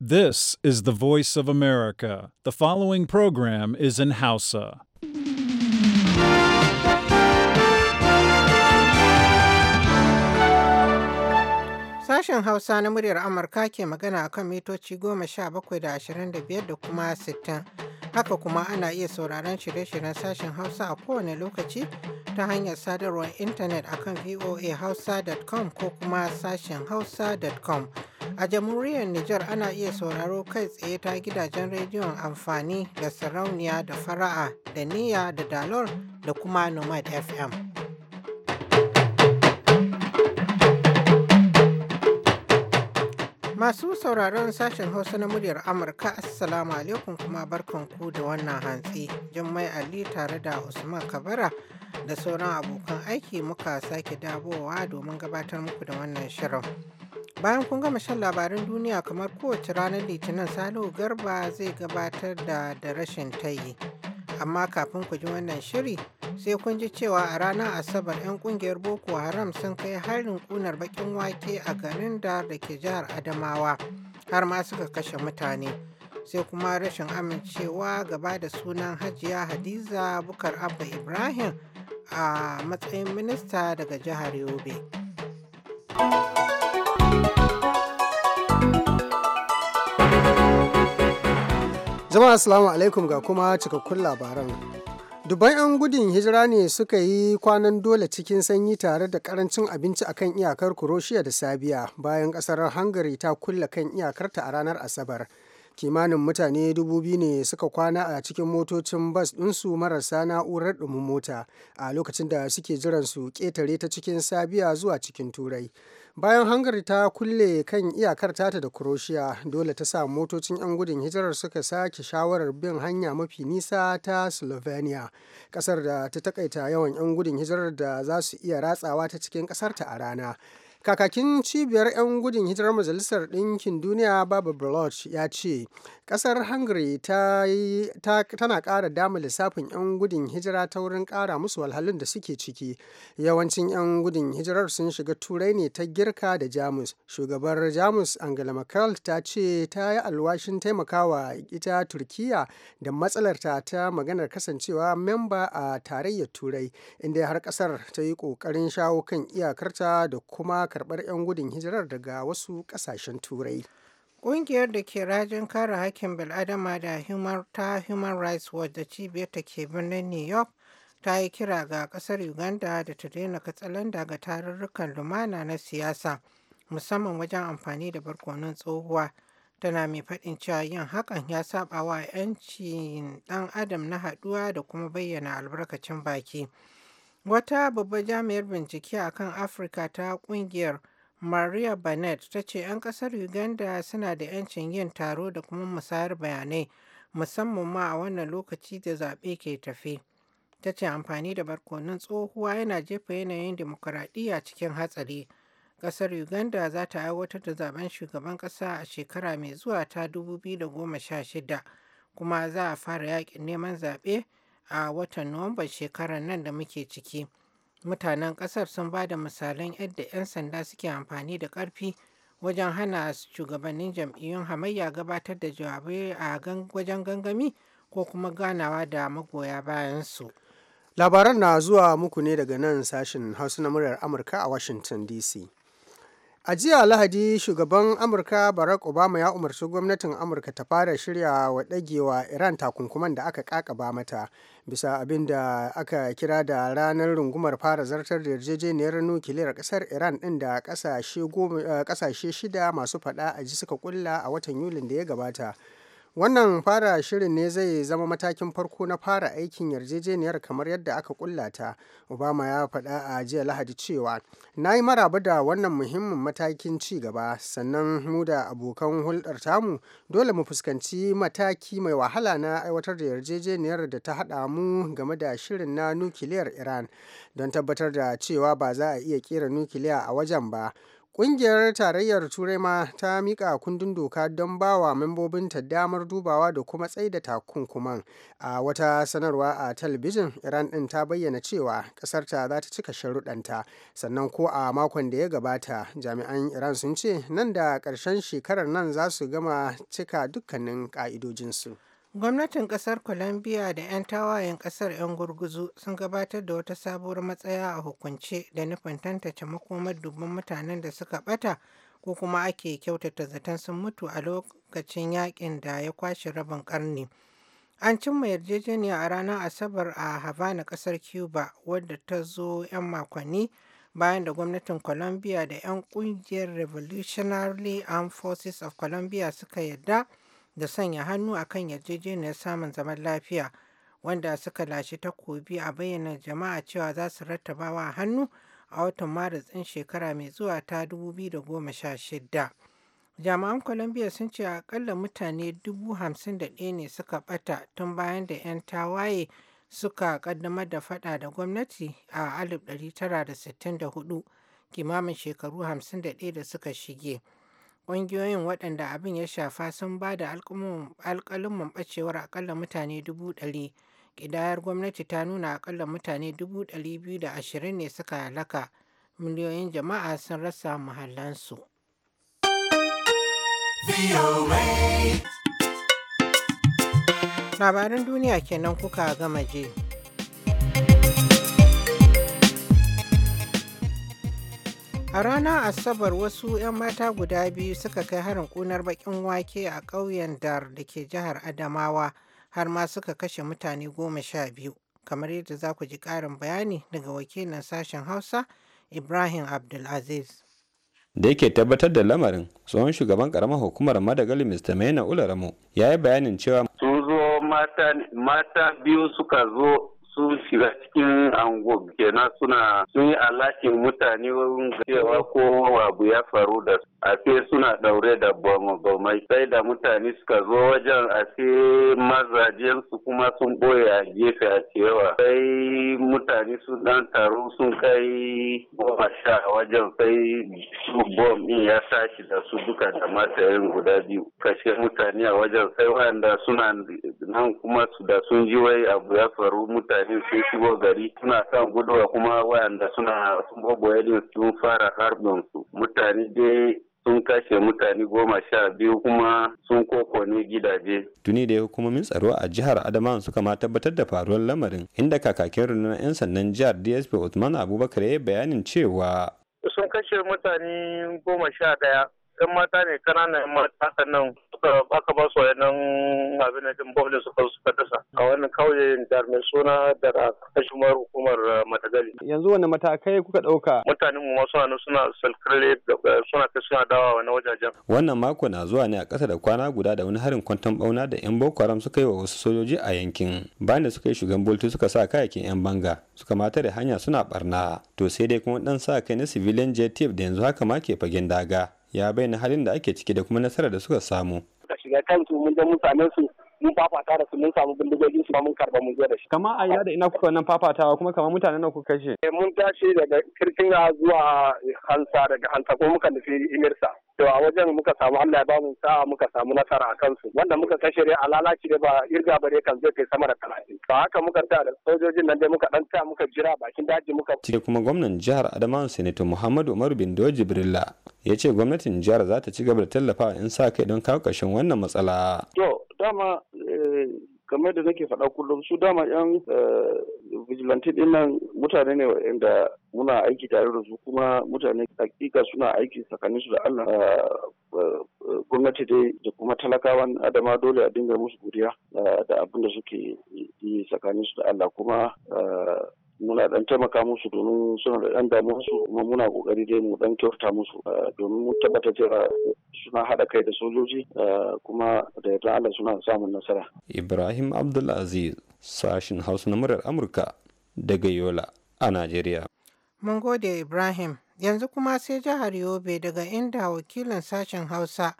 This is the voice of America. The following program is in Hausa. Sashen Hausa na muryar Amurka ke magana akan mitoci goma sha bakwai da ashirin da biyar da kuma sittin. Haka kuma ana iya sauraron shirye-shiryen sashen Hausa a kowane lokaci ta hanyar sadarwar intanet akan voahausa.com ko kuma sashen hausa.com. A jamhuriyar Nijar ana iya sauraro kai tsaye ta gidajen rediyon amfani da sarauniya da fara'a da Niya da Dalor da kuma nomad FM. Masu sauraron sashen Hausa na muryar Amurka Assalamu alaikum kuma barkanku da wannan hantsi. Jummai Ali tare da Usman Kabara da sauran abokan aiki muka sake dabowa domin gabatar muku da wannan shirin. Bayan kun gama shan labarin duniya kamar kowace ranar Litinin Salihu Garba zai gabatar da da rashin tayi. Amma kafin ku ji wannan shiri sai kun ji cewa a ranar Asabar 'yan kungiyar Boko Haram sun kai harin kunar bakin wake a garin da da ke jihar Adamawa har ma suka kashe mutane. Sai kuma rashin amincewa gaba da sunan Hajiya Hadiza Bukar Abba Ibrahim a matsayin minista daga jihar Yobe. Jama'a Assalamu alaikum ga kuma cikakkun labaran. dubban 'yan gudun hijira ne suka yi kwanan dole cikin sanyi tare da karancin abinci a kan iyakar Kuroshiya da Sabiya bayan kasar Hungary ta kulle kan iyakarta a ranar Asabar. kimanin mutane dubu biyu ne suka kwana a cikin motocin bas ɗinsu marasa na'urar ɗumin mota a lokacin da suke jiran su ƙetare ta cikin sabiya zuwa cikin turai bayan hangar ta kulle kan iyakar tata da croatia dole ta sa motocin 'yan gudun hijirar suka sake shawarar bin hanya mafi nisa ta slovenia ƙasar da ta takaita yawan 'yan gudun hijirar da za su iya ratsawa ta cikin ƙasarta a rana Kakakin Cibiyar 'Yan Gudun Hijirar Majalisar Ɗinkin Duniya babu Baloch ya ce, ƙasar Hungary tana ƙara dama lissafin 'yan gudun hijira ta wurin ƙara musu walhalun da suke ciki. Yawancin 'yan gudun hijirar sun shiga Turai ne ta Girka da Jamus. Shugabar Jamus Angela Merkel ta ce ta yi alwashin taimakawa ita Turkiya da matsalarta ta maganar kasancewa memba a tarayyar Turai, inda har ƙasar ta yi ƙoƙarin shawo kan iyakarta da kuma karɓar 'yan gudun hijirar daga wasu ƙasashen turai Ƙungiyar da ke rajin kare hakkin bil'adama da human, ta Human Rights Watch da cibiyar ta ke birnin New York ta yi kira ga ƙasar Uganda da ta daina katsalan ga tarurrukan lumana na siyasa musamman wajen amfani da barkonon tsohuwa. Tana mai faɗin cewa yin hakan ya saba wa 'yancin ɗan adam na haɗuwa da kuma bayyana albarkacin baki. Wata babbar jami'ar bincike a kan Afirka ta kungiyar Maria Barnett ta ce 'yan kasar Uganda suna da 'yancin yin taro da kuma musayar bayanai musamman ma a wannan lokaci da zaɓe ke tafe. Ta ce amfani da barkonon tsohuwa yana jefa yanayin demokuraɗiyya cikin hatsari. Ƙasar Uganda za ta aiwatar da zaben shugaban ƙasa a shekara mai zuwa ta 2016 kuma za a fara yaƙin neman zaɓe a watan nuwamba shekarar nan da muke ciki. Mutanen ƙasar sun ba da misalan yadda 'yan sanda suke amfani da ƙarfi wajen hana shugabannin jam'iyyun hamayya gabatar da jawabai a wajen gangami ko kuma ganawa da magoya bayansu. Labaran na zuwa muku ne daga nan sashen Hausa na muryar Amurka a Washington DC. A jiya Lahadi, shugaban Amurka Barack Obama ya umarci gwamnatin Amurka ta fara shirya wa ɗagewa Iran takunkuman da aka kakaba mata bisa abin da aka kira da ranar rungumar fara zartar da yarjejeniyar nukiliyar ƙasar Iran ɗin da ƙasashe eh, shida masu faɗa a ji suka kulla a watan Yulin da ya gabata. Wannan fara shirin ne zai zama matakin farko na fara aikin yarjejeniyar kamar yadda aka kullata, Obama ya faɗa a jiya Lahadi cewa, "Na yi maraba da wannan muhimmin matakin ci gaba, sannan mu da abokan hulɗar tamu dole mu fuskanci mataki mai wahala na aiwatar da yarjejeniyar da ta haɗa mu game da shirin na nukiliyar Iran, don tabbatar da cewa ba za a iya kera nukiliya a wajen ba." Ƙungiyar Tarayyar Turai ma ta miƙa kundin doka don ba wa membobinta damar dubawa da kuma tsaida takunkuman. A wata sanarwa a talabijin, Iran ɗin ta bayyana cewa ƙasarta za ta cika sharuɗanta. Sannan ko a makon da ya gabata, jami'an Iran sun ce nan da ƙarshen shekarar nan za su gama cika dukkanin ƙa'idojinsu. Gwamnatin ƙasar Colombia da 'yan tawayen ƙasar 'yan gurguzu sun gabatar da wata sabuwar matsaya a hukunce da nufin tantance makomar dubban mutanen da suka bata ko kuma ake kyautata zaton sun mutu a lokacin yakin da ya kwashe rabin karni. An cimma yarjejeniya a ranar Asabar a Havana ƙasar Cuba wadda ta zo 'yan makonni bayan da gwamnatin Colombia da 'yan ƙungiyar Revolutionary Armed Forces of Colombia suka yarda. da sanya hannu a kan yarjejeniyar samun zaman lafiya wanda suka lashe takobi a bayyana jama'a cewa za su rattabawa hannu a watan maris ɗin shekara mai zuwa ta 2016 jami'an colombia sun ce akalla mutane 51 ne suka bata tun bayan da 'yan tawaye suka kaddamar da fada da gwamnati a 1964 kimamin shekaru 51 da suka shige. Ƙungiyoyin waɗanda abin ya shafa sun ba da alƙalumman ɓacewar aƙalla mutane dubu ɗari. Ƙidayar gwamnati ta nuna aƙalla mutane dubu ɗari biyu da ashirin ne suka halaka. Miliyoyin jama'a sun rasa muhallansu. Labarin duniya kenan kuka gama je. A ranar Asabar wasu 'yan mata guda biyu suka kai harin kunar bakin wake a ƙauyen Dar da ke jihar Adamawa har ma suka kashe mutane goma sha biyu. Kamar yadda za ku ji ƙarin bayani daga wakilin sashen Hausa Ibrahim Abdulaziz. da yake tabbatar da lamarin tsohon shugaban karamar hukumar madagali mr maina ularamo ya yi bayanin cewa sun zo mata biyu suka zo su shiga cikin ango kenan suna sun yi alakin mutane wurin cewa ko abu ya faru da su a suna daure da bomai sai da mutane suka zo wajen a mazajen su kuma sun boye a gefe a cewa sai mutane su dan taru sun kai goma sha wajen sai su bom din ya tashi da su duka da matayin guda biyu kashe mutane a wajen sai wanda suna nan kuma su da sun ji wai abu ya faru mutane din sun shigo gari suna kan guduwa kuma wayanda suna sun boboye sun fara harbin su mutane dai sun kashe mutane goma sha biyu kuma sun kokone gidaje. Tuni da hukumomin tsaro a jihar Adamawa suka ma tabbatar da faruwar lamarin inda kakakin rundunar 'yan sannan jihar DSP Usman Abubakar ya yi bayanin cewa. Sun kashe mutane goma sha daya yan mata ne kananan yan mata sannan aka ba su wayannan abin da din bofle suka suka dasa a wannan kauye da mai suna da kashimar hukumar eh, matagali yanzu wani matakai kuka dauka mutanen mu suna suna salkirle suna kai suna dawa wani wajajen wannan mako na zuwa ne a ƙasa da kwana guda da wani harin kwanton bauna da yan boko haram suka yi wa wasu sojoji a yankin bayan da suka yi shugan bolti suka sa kayakin yan banga suka mata da hanya suna barna to sai dai kuma dan sa kai na civilian jtf da yanzu haka ma ke fagen daga ya bayyana halin da ake ciki da kuma nasarar da suka samu. Da shiga kansu mun je mun same su mun fafata da su mun samu bindigogin su mun karba mun zo da shi. Kama a ina da ina kuka wannan fafatawa kuma kamar mutane na kuka kashe. Eh, mun tashi daga Kirkina zuwa Hansa daga Hansa ko muka nufi Imirsa. to a wajen muka samu Allah ya ba mu sa'a muka samu nasara a kansu wanda muka kashe dai a lalaci dai ba irga ba dai kan zai kai sama da talatin to haka muka ta da sojojin nan dai muka dan ta muka jira bakin daji muka ce kuma gwamnan jihar Adamawa Senator Muhammadu Umaru Bindo Jibrilla ya ce gwamnatin jihar za ta ci gaba da tallafawa in sa kai don kawo ƙarshen wannan matsala to dama eh, kamar da nake faɗa kullum su dama yan eh, vigilante din nan mutane ne wanda muna aiki tare da su kuma mutane hakika suna aiki tsakanin su da Allah eh, eh, gwamnati dai da kuma talakawan adama dole a dinga musu godiya da abin da suke yi tsakanin su da Allah kuma muna dan taimaka musu domin suna da dan damuwarsu, kuma muna kokari dai mu dan kyauta musu eh, domin mun tabbata cewa suna hada kai da sojoji eh, kuma da yarda Allah suna samun nasara Ibrahim Abdulaziz sashin Hausa na murar Amurka daga Yola a Najeriya Mun gode Ibrahim yanzu kuma sai jihar Yobe daga inda wakilin sashin Hausa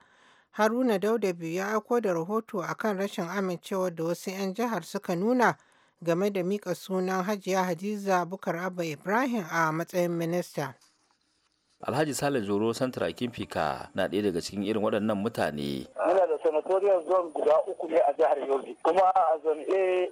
Haruna Dauda ya aiko da rahoto akan rashin amincewa da wasu 'yan jihar suka nuna game da mika sunan Hajiya Hadiza Bukar Abba Ibrahim a matsayin minista. Alhaji Sale Zoro santara kimfika na ɗaya daga cikin irin waɗannan mutane. Muna da sanatoriyar zon guda uku ne a jihar yobe kuma a zone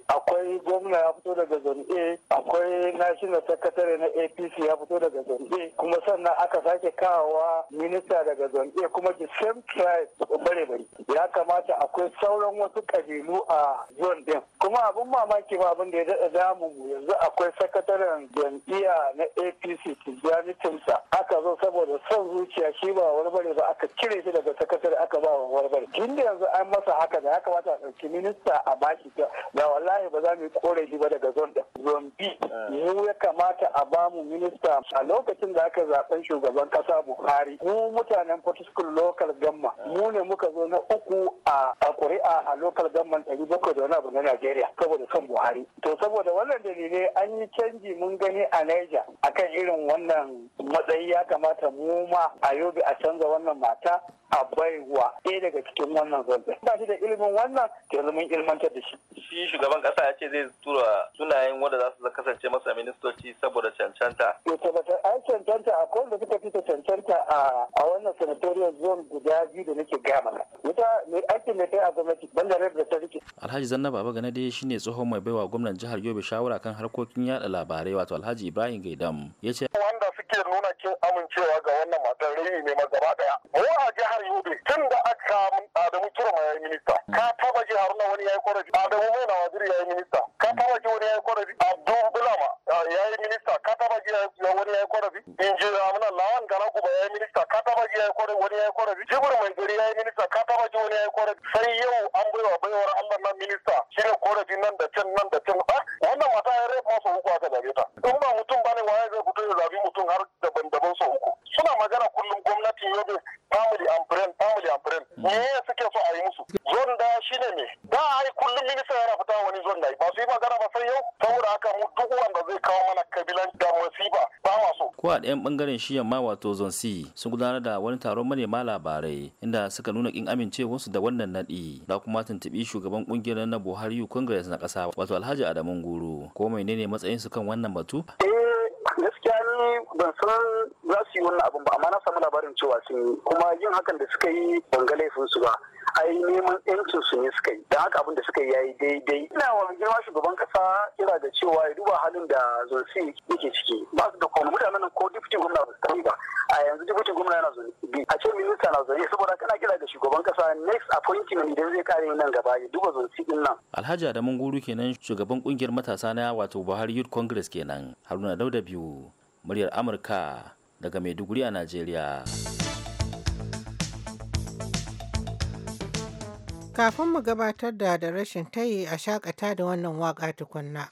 a akwai gwamna ya fito daga zone a akwai national secretary na apc ya fito daga zone a kuma sannan aka sake kawowa minista daga zone a kuma the same tribe bare bare ya kamata akwai sauran wasu kabilu a zon din kuma abin mamaki ba abin da ya daɗa damu yanzu akwai sakataren jam'iyya na apc tijjani tinsa aka zo saboda son zuciya shi ba wani ba aka cire shi daga sakatare aka ba wa wani yanzu an masa haka da ya kamata a ɗauki minista a baki da wallahi ba za mu yi korafi ba daga zon zon b mu ya kamata a mu minista a lokacin da aka zaben shugaban ƙasa buhari mu mutanen potiskum local gamma mu ne muka zo na uku a kuri'a a local Gamma ɗari bakwai da wani abu na najeriya saboda kan buhari to saboda wannan dalilai an yi canji mun gani a niger akan irin wannan matsayi ya kamata mu ma a yobe a canza wannan mata a baiwa ɗaya daga cikin wannan zaɓe ba shi da ilimin wannan ke zama ilmantar da shi shi shugaban ƙasa ya ce zai tura sunayen wanda za su kasance masa ministoci saboda cancanta to tabbatar an cancanta a kowanne da suka fita cancanta a wannan sanatoriyar zone guda biyu da nake gama wuta mai aikin da ta a gwamnati da rai da ta rike alhaji zanna baba ganade shine tsohon mai baiwa gwamnan jihar yobe shawara kan harkokin yada labarai wato alhaji ibrahim gaidam ya ce wanda suke nuna kin amincewa ga wannan matar rini ne ma gaba daya a jihar yiwu dai tun da aka Adamu Kirma ya yi minista. Ka taba ji Haruna wani ya yi korafi. Adamu Maina Waziri ya yi minista. Ka taba ji wani ya yi korafi. Abdul Bulama ya yi minista. Ka taba ji wani ya yi korafi. Injiniya Amina Lawan Galaguba ya yi minista. Ka taba ji wani ya yi korafi. Jibir Mai Gari ya yi minista. Ka taba ji wani ya yi korafi. Sai yau an baiwa baiwar Allah nan minista. Shi ne korafin nan da can nan da can 'yan bangaren shi yamma wato zonsi sun gudanar da wani taron manema labarai inda suka nuna kin amincewarsu da wannan nadi da kuma tuntubi shugaban kungiyar na Buhari Congress na kasa wato Alhaji Adamu Guru ko menene matsayin su kan wannan batu cewa sun yi kuma yin hakan da suka yi ban ga laifin su ba ai neman yancin su ne suka yi da haka abin da suka yi yayi daidai ina wa girma shugaban kasa kira da cewa ya duba halin da zonsi yake ciki ba su da kuma mutanen ko dipti gwamna ba su ba a yanzu diputin gwamna yana zo bi a ce minista na zaune saboda kana kira da shugaban kasa next appointment idan zai kare nan gaba ya duba zonsi din nan alhaji adamu guru kenan shugaban kungiyar matasa na wato buhari youth congress kenan haruna dauda biyu muryar amurka daga Maiduguri a Najeriya. Kafin mu gabatar da da rashin tayi a shakata da wannan waka tukunna.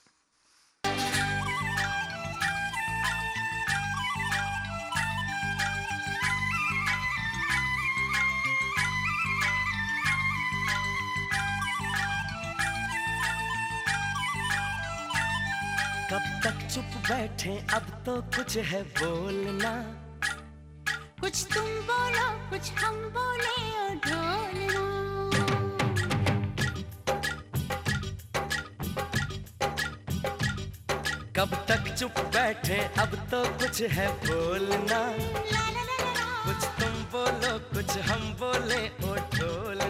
मुझे अब तो कुछ है बोलना कुछ तुम बोलो कुछ हम बोले कब तक चुप बैठे अब तो कुछ है बोलना कुछ तुम बोलो कुछ हम बोले ओ ढोल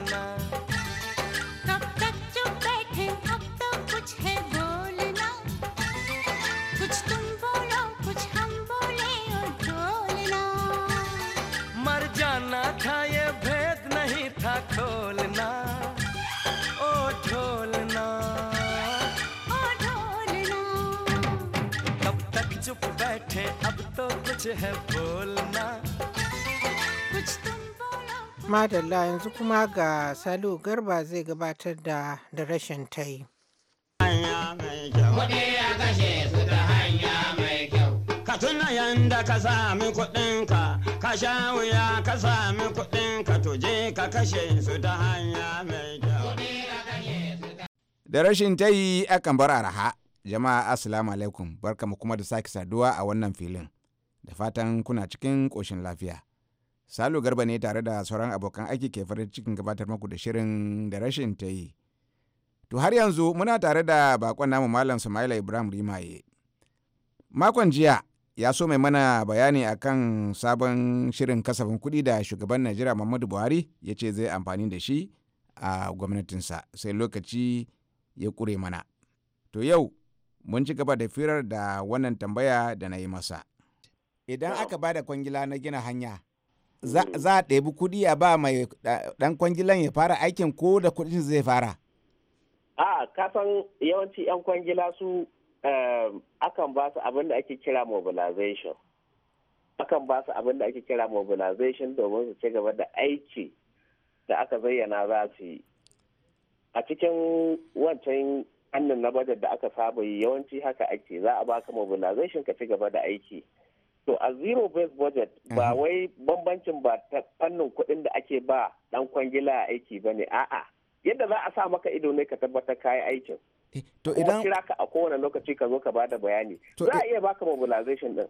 कुछ है बोलना कुछ तुम madalla yanzu kuma ga salo garba zai gabatar da da rashin ta yi ka tuna yanda ka sami kuɗinka ka sha wuya ka sami kuɗinka to je ka kashe su ta hanya mai kyau da rashin ta yi akan bar araha jama'a assalamu alaikum barkamu kuma da sake saduwa a wannan filin da fatan kuna cikin koshin lafiya. Salo Garba ne tare da sauran abokan aiki ke farin cikin gabatar muku da shirin da rashin ta yi. To har yanzu muna tare da bakon namu Malam Sumaila Ibrahim Rimaye. Makon jiya ya so mai mana bayani akan sabon shirin kasafin kuɗi da shugaban Najeriya Muhammadu Buhari ya ce zai amfani da shi a gwamnatinsa sai lokaci ya kure mana. To yau mun ci gaba da firar da wannan tambaya da na yi masa. idan aka ba da kwangila na gina hanya mm. za a ɗebi kuɗi a ba mai ɗan kwangilan ya fara aikin ko da kuɗin zai fara a kafin yawanci 'yan kwangila su eh, akan ba su abin da ake kira mobilization akan ba su abin ake kira mobilization domin su ci gaba da aiki da aka zayyana za su yi a cikin wancan hannun na bajet da aka saba yi yawanci haka ake za a baka mobilization ka ci gaba da aiki to a zero based budget ba mhm. wai bambancin ba ta fannin kuɗin da ake ba dan kwangila aiki ba ne a'a yadda za a sa maka ido ne ka tabbatar kayi aikin eh, to idan kira ka a kowane lokaci ka zo ka bada bayani za a iya baka mobilization din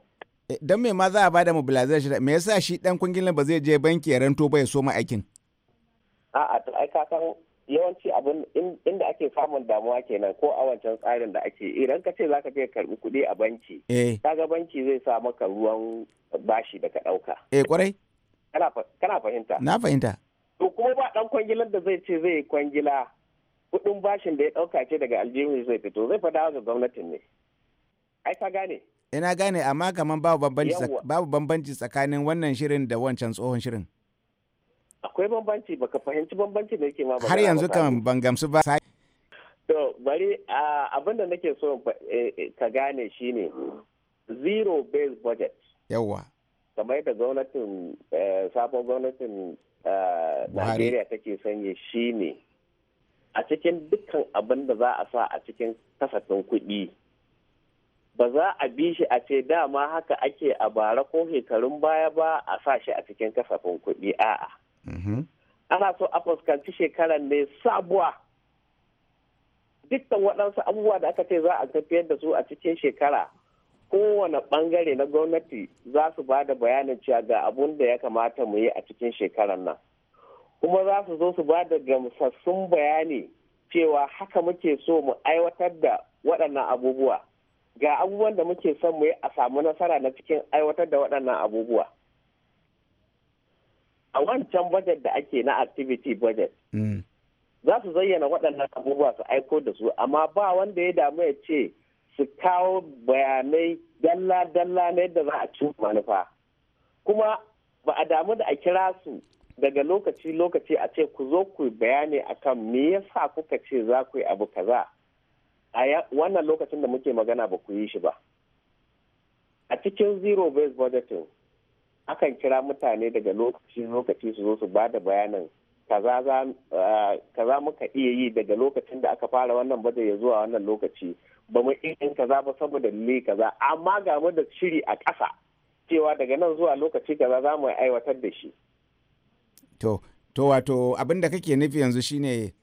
eh, dan me ma za a bada mobilization me yasa shi dan kwangila ba zai je banki ya ranto ba ya so ma aikin a'a to ai ka san yawanci abin inda ake samun damuwa kenan ko a wancan tsarin da ake idan ka ce zaka je karbi kuɗi a banki eh. kaga banki zai sa maka ruwan bashi da ka ɗauka. eh kwarai kana fahimta na fahimta to kuma ba dan kwangilan da zai ce zai kwangila kuɗin bashin da ya ɗauka ce daga aljihu zai fito zai fada ga gwamnatin ne ai ka gane ina eh, gane amma kaman babu bambanci tsakanin wannan shirin da wancan tsohon shirin akwai bambanci baka fahimci bambanci da yake ma har yanzu kan ban gamsu ba to bari abin da nake so eh, eh, ka gane shine zero based budget yawa kamar yadda gwamnatin eh, sabon gwamnatin Najeriya take sanye shine a cikin dukkan abin da za a sa a cikin kasafin kuɗi ba za a bi shi a ce dama haka ake a bara ko shekarun baya ba a sa shi a cikin kasafin kuɗi a'a ana so a fuskanci shekarar ne sabuwa dukkan waɗansu abubuwa da aka ce za a tafiyar da su a cikin shekara kowane ɓangare na gwamnati za su ba da bayanin cewa ga abun da ya kamata mu yi a cikin shekarar nan kuma za su zo su ba da gamsassun bayani cewa haka muke so mu aiwatar da waɗannan abubuwa ga abubuwan da muke son mu yi a samu nasara na cikin aiwatar da waɗannan abubuwa a wancan budget da ake na activity budget mm. za su zayyana waɗannan abubuwa su aiko da su amma ba wanda ya damu ya ce su kawo bayanai dalla-dalla na yadda za a ci manufa kuma ba a damu da a kira su daga lokaci-lokaci a ce ku zo ku bayani akan me yasa kuka ce za ku yi abu kaza a wannan lokacin da muke magana ba ku yi shi ba a cikin zero based budgeting akan kira mutane daga lokaci lokaci su zo su ba da bayanin eh, kaza muka iya yi daga lokacin da aka fara wannan baje ya zuwa wannan lokaci ba mu in kaza ba saboda ne kaza amma ga mu da shiri a ƙasa cewa daga nan zuwa lokaci kaza za mu aiwatar da shi to to wato abin da kake nufi yanzu shine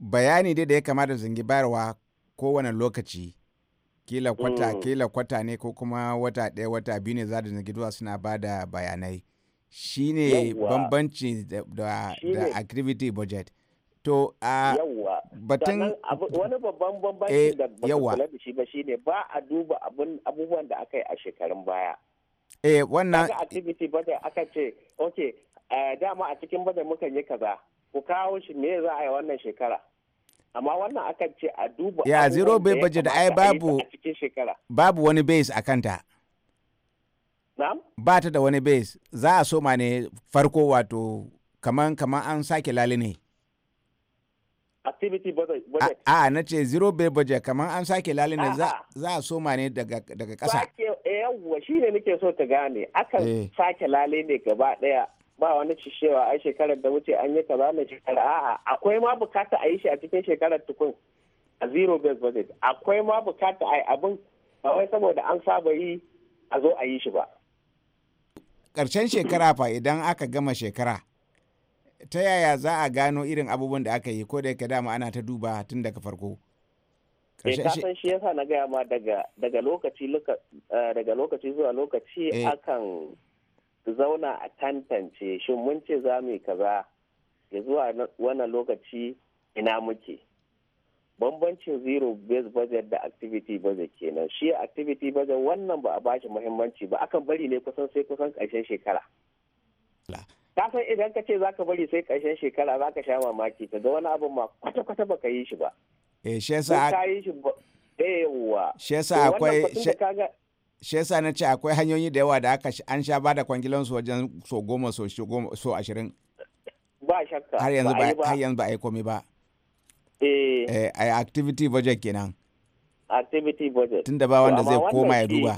bayani dai da ya kamata zangi bayarwa kowane lokaci kila kwata mm. kila kwata ne ko kuma wata ɗaya wata biyu ne za da giduwa suna ba da bayanai shine bambanci da activity budget to a batun wani babban bambanci eh, da ba kula da shi ba shine ba a duba abubuwan da aka yi a shekarun baya eh wannan activity budget aka ce okay eh, dama a cikin budget muka yi kaza ku kawo shi me za a yi wannan shekara amma wannan akan ce a duba ya zero bai baje da ai babu babu wani base a kanta ba ta da wani base za a soma ne farko wato kaman kaman an sake lali ne activity budget a na ce zero bai baje kaman an sake lali ne za a soma ne daga kasa eh, yawwa shi ne nake so ta gane akan eh. sake lali ne gaba daya ba wani cishewa ai shekarar da wuce an yi kaza na shekara a'a akwai ma bukata a yi shi a cikin shekarar tukun a zero based budget akwai ma bukata a abin ba saboda an saba yi a zo a yi shi ba karshen shekara fa idan aka gama shekara ta yaya za a gano irin abubuwan da aka yi ko da yake dama ana ta duba tun daga farko eh, san shi yasa na gaya ma daga eh, lokaci zuwa lokaci eh. akan zauna a tantance shin mun ce za mu yi kaza ya zuwa wani lokaci ina muke bambancin zero base budget da activity budget kenan shi activity budget wannan ba a bashi muhimmanci ba akan bari ne kusan sai kusan ƙarshen shekara ka san idan ka ce zaka bari sai ƙarshen shekara zaka sha mamaki ka ga wani abin ma kwata-kwata baka yi shi ba eh shi yasa eh akwai shi yasa na ce akwai hanyoyi da yawa da aka an sha ba da kwangilan su wajen so goma so so ashirin ba shakka har yanzu ba har yanzu ba yi komai ba eh, eh ai activity budget kenan activity budget tunda ba wanda zai koma ya duba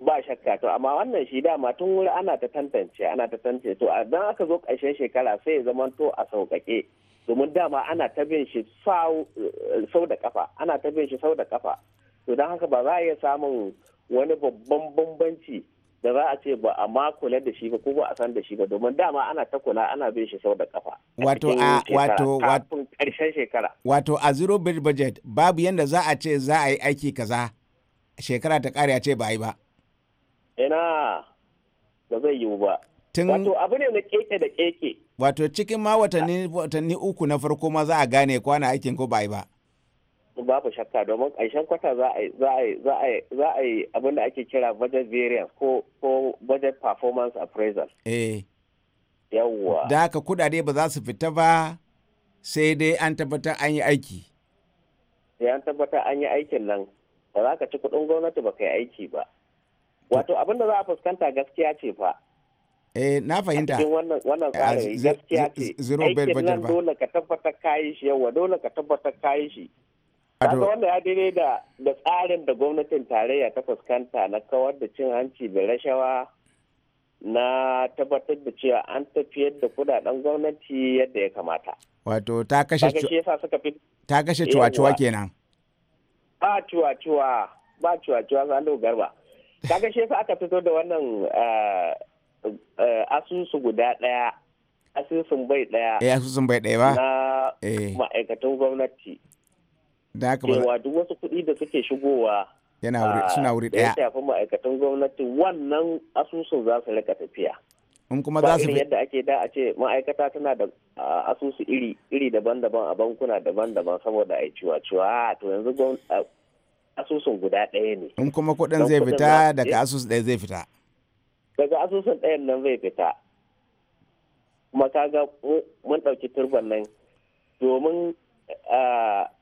ba shakka to amma wannan shi dama tun wuri ana ta tantance ana ta tantance to dan aka zo ƙarshen shekara sai ya zama to a sauƙaƙe domin dama ana ta bin shi sau eh, da kafa ana ta bin shi sau da kafa to don haka ba za a iya samun wani babban bambanci da za a ce ba a ma kula da shi ba ko ba a san da shi ba domin dama ana ta kula ana bin shi sau da kafa wato a wato wato karshen shekara wato a zero budget babu yanda za a ce za a yi aiki kaza shekara ta kare a ce ba yi ba ina ba zai yiwu ba wato abu ne na keke da keke wato cikin ma watanni watanni uku na farko ma za a gane kwana aikin ko ba yi ba babu shakka domin ƙarshen kwata za a yi abin da ake kira budget variance ko budget performance appraisal. Eh. Yawwa. Da haka kudade ba za su fita ba sai dai an tabbatar an yi aiki. Sai an tabbatar an yi aikin nan ba za ka ci kudin gwamnati ba ka yi aiki ba. Wato abin da za a fuskanta gaskiya ce fa. Eh na fahimta. Cikin wannan wannan ah, tsarin gaskiya ce. Aikin nan dole ka tabbatar kayi shi yawwa dole ka tabbatar kayi shi. Kaga wannan ya daidai da da tsarin da gwamnatin tarayya ta fuskanta na kawar da cin hanci da rashawa na tabbatar da cewa an tafiyar da kudaden gwamnati yadda ya kamata. Wato ta kashe cuwa-cuwa kenan. Ba cuwa-cuwa ba cuwa-cuwa a garba. Ta kashe sa aka fito da wannan eh, eh, asusu guda ɗaya asusun bai ɗaya. Eh asusun bai ɗaya ba. Na eh. ma'aikatan gwamnati. da haka ba duk wasu kuɗi da suke shigowa yana wuri ah, suna wuri daya ya shafi ma'aikatan gwamnati wannan asusun za su rika tafiya in kuma za su yadda ake da a ce ma'aikata tana da ah, asusu iri iri daban-daban a bankuna daban-daban saboda a yi ciwa-ciwa ah, to yanzu asusun guda ɗaya ne in kuma kuɗin zai fita daga eh? asusu ɗaya zai fita daga asusun ɗayan nan zai fita kuma kaga mun ɗauki turban nan domin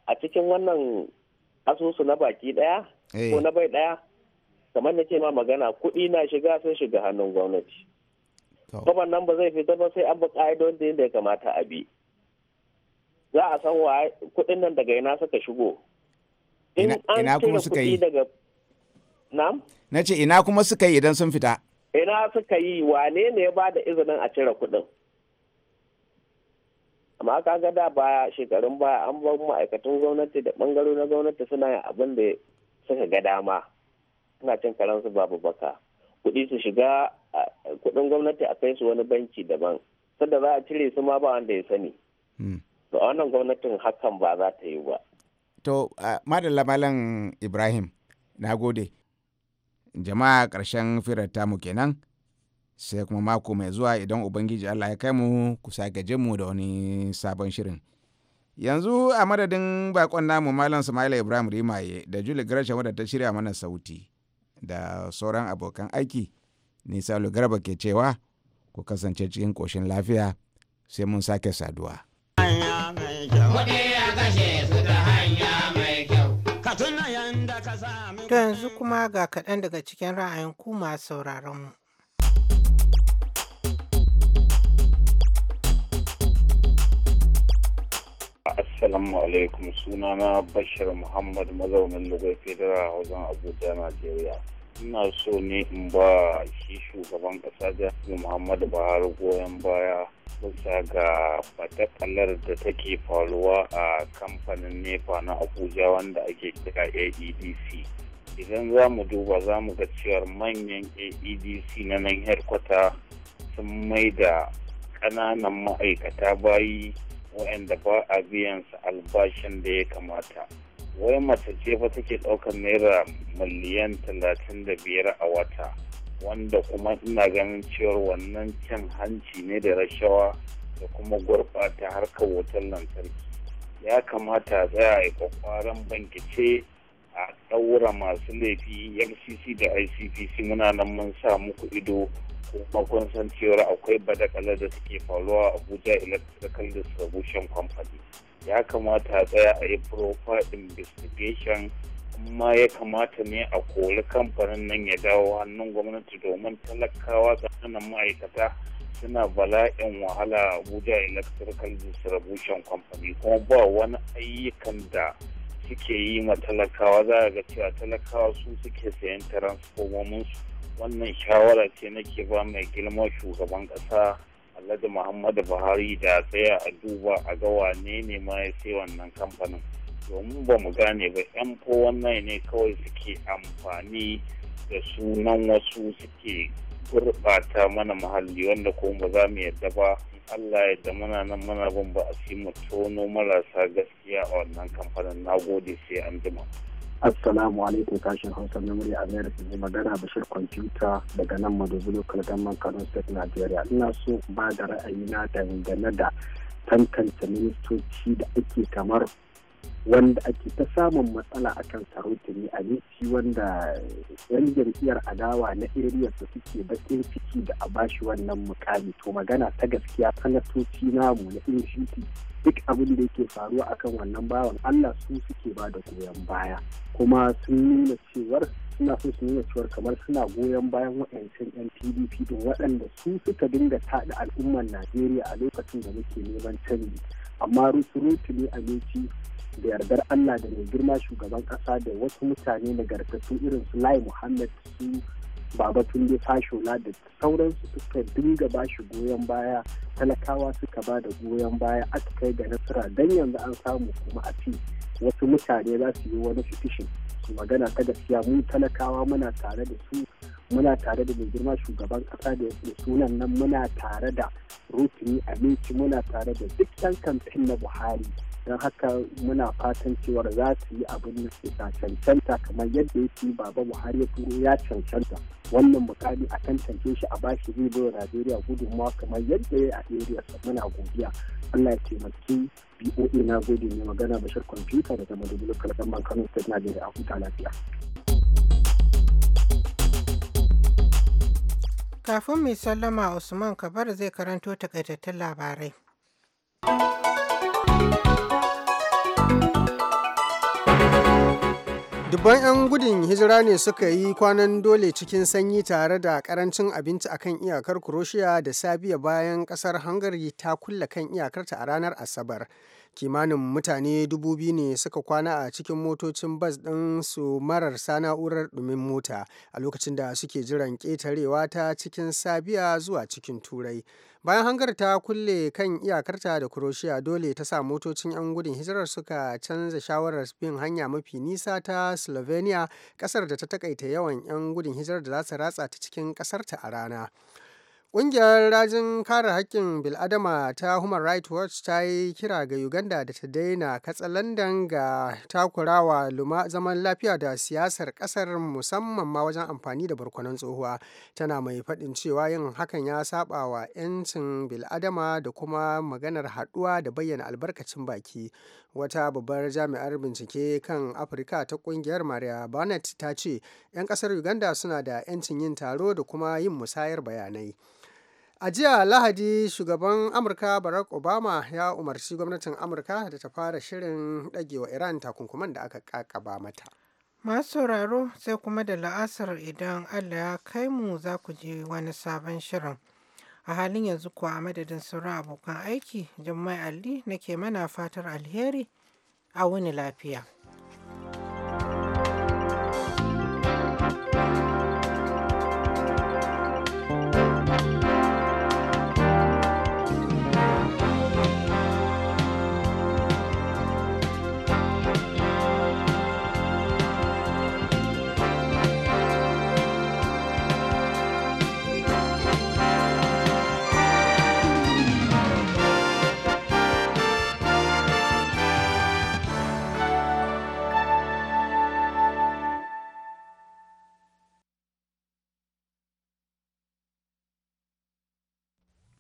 a cikin wannan asusu na baki daya eh. ko na bai daya kamar na ce ma magana kuɗi na shiga sun shiga hannun gwamnati kwaban nan ba zai fita ba sai an bi ka'idodin da ya kamata a bi za a san wa kuɗin nan daga ina suka shigo in an kuma suka yi daga nam na ce ina kuma suka yi idan sun fita ina suka yi wane ne ya ba da izinin a cire kuɗin amma kaga da baya shekarun baya an bar ma'aikatan gwamnati da bangaro na gwamnati suna yin abin da suka ga dama suna cin karansu babu baka kuɗi su shiga kuɗin gwamnati a kai su wani banki daban sadda za a cire su ma ba wanda ya sani hmm. to a wannan gwamnatin hakan ba za ta yi ba to madalla malam ibrahim na jama'a ƙarshen firar tamu kenan sai kuma mako mai zuwa idan ubangiji allah ya kai mu ku sake jin mu da wani sabon shirin yanzu a madadin bakon namu malam sumaila ibrahim rimaye da juli gresham wadda ta shirya mana sauti da sauran abokan aiki nisa garba ke cewa ku kasance cikin koshin lafiya sai mun sake saduwa To yanzu kuma ga kaɗan daga cikin ra'ayin ku masu sauraron mu. Assalamu alaikum Suna na Bashir Muhammad mazaunin Lagos Federal wajen Abuja, Najeriya. Ina so ne in ba shi shugaban ƙasa Jami'u Muhammadu Buhari goyon baya bisa ga fatakalar da take faruwa a kamfanin NEPA na Abuja wanda ake kira AEDC. Idan za mu duba za mu ga cewar manyan AEDC na nan headquarter sun da ƙananan ma'aikata bayi waɗanda ba a biyan su albashin da ya kamata wai mace ce fa take ɗaukar naira miliyan talatin da biyar a wata wanda kuma ina ganin cewar wannan cin hanci ne da rashawa da kuma gurɓata harkar wutar lantarki ya kamata a yi a banki ce. a ɗaura masu laifi mcc da icpc muna nan mun sa muku ido kuma kun san cewar akwai badakala da suke faruwa abuja electrical distribution company ya kamata a tsaya a yi proper investigation amma ya kamata ne a kori kamfanin nan ya dawo hannun gwamnati domin talakawa tsakanin ma'aikata suna bala'in wahala abuja electrical distribution company kuma ba wani ayyukan da suke yi ma talakawa za a ga cewa talakawa su suke sayan su wannan shawara ce nake ba mai girma shugaban kasa alhaji muhammadu buhari da tsaya a duba a ga wane ne ma ya sai wannan kamfanin domin ba mu gane ba yan wannan ne kawai suke amfani da sunan wasu suke gurɓata mana muhalli wanda kuma ba za mu yarda ba Allah ya da muna nan mana ban ba a fi mu tono marasa gaskiya a wannan kamfanin na gode sai an jima. Assalamu alaikum kashin Hausa na murya America ne magana Bashir kwamfuta daga nan Maduzulu Kalgamman Kano State Nigeria. Ina so ba da ra'ayi na dangane da tantance ministoci da ake kamar wanda ake ta samun matsala akan a abinci wanda yan jam'iyyar adawa na area su suke bakin ciki da a bashi wannan mukami to magana ta gaskiya sanatoci namu na inshiti duk abin da yake faruwa akan wannan bawan allah su suke ba da goyon baya kuma sun nuna cewar suna so su nuna cewar kamar suna goyon bayan waɗancan 'yan pdp don waɗanda su suka dinga taɗa al'ummar najeriya a lokacin da muke neman canji amma rutu ne a da yardar Allah da mai girma shugaban kasa da wasu mutane nagartattu irin su Lai Muhammad su Baba Tunde Fashola da sauransu suka dinga ba shi goyon baya talakawa suka ba da goyon baya aka kai ga nasara dan yanzu an samu kuma a ce wasu mutane za su yi wani fitishin su magana ta gaskiya mu talakawa muna tare da su muna tare da mai girma shugaban kasa da sunan nan muna tare da rukuni aminci muna tare da duk kamfin kamfen na buhari don haka muna fatan cewa za su yi abin da suka cancanta kamar yadda yake baba buhari ya turo ya cancanta wannan mukami a tantance shi a bashi zai bai najeriya gudunmawa kamar yadda ya yi a area muna godiya allah ya taimaki boa na gode mai magana bashar kwamfuta da daga madubulu kalban kano state najeriya a huta lafiya kafin mai sallama usman kabar zai karanto takaitattun labarai Dubban 'yan gudun hijira ne suka yi kwanan dole cikin sanyi tare da karancin abinci akan iyakar Kuroshiya da Sabiya bayan kasar Hungary ta kulle kan iyakarta a ranar Asabar. kimanin mutane dubu biyu ne suka kwana a cikin motocin bas ɗin su mararsa na'urar ɗumin mota a lokacin da suke jiran ƙetarewa ta cikin sabiya zuwa cikin turai bayan hangar ta kulle kan iyakarta da kuroshiya dole ta sa motocin 'yan gudun hijirar suka canza shawarar bin hanya mafi nisa ta slovenia kasar da ta takaita yawan 'yan gudun hijirar da za su ratsa ta cikin ƙasarta a rana Ƙungiyar rajin kare haƙƙin bil'adama ta Human Rights Watch ta yi kira ga Uganda da ta daina katsalandan ga takurawa luma zaman lafiya da siyasar ƙasar musamman ma wajen amfani da barkwanon tsohuwa. Tana mai faɗin cewa yin hakan ya saɓa wa 'yancin bil'adama da kuma maganar haɗuwa da bayyana albarkacin baki. Wata babbar jami'ar bincike kan Afirka ta ƙungiyar Maria Barnett ta ce 'yan ƙasar Uganda suna da 'yancin yin taro da kuma yin musayar bayanai. A jiya Lahadi shugaban Amurka Barack Obama ya umarci gwamnatin Amurka da ta fara shirin ɗagewa Iran takunkuman da aka kakaba mata. Masu sauraro sai kuma da la'asar idan Allah ya kai mu za ku je wani sabon shirin. A halin yanzu kuwa a madadin sauran abokan aiki, Jummai Ali nake mana fatar alheri a wani lafiya.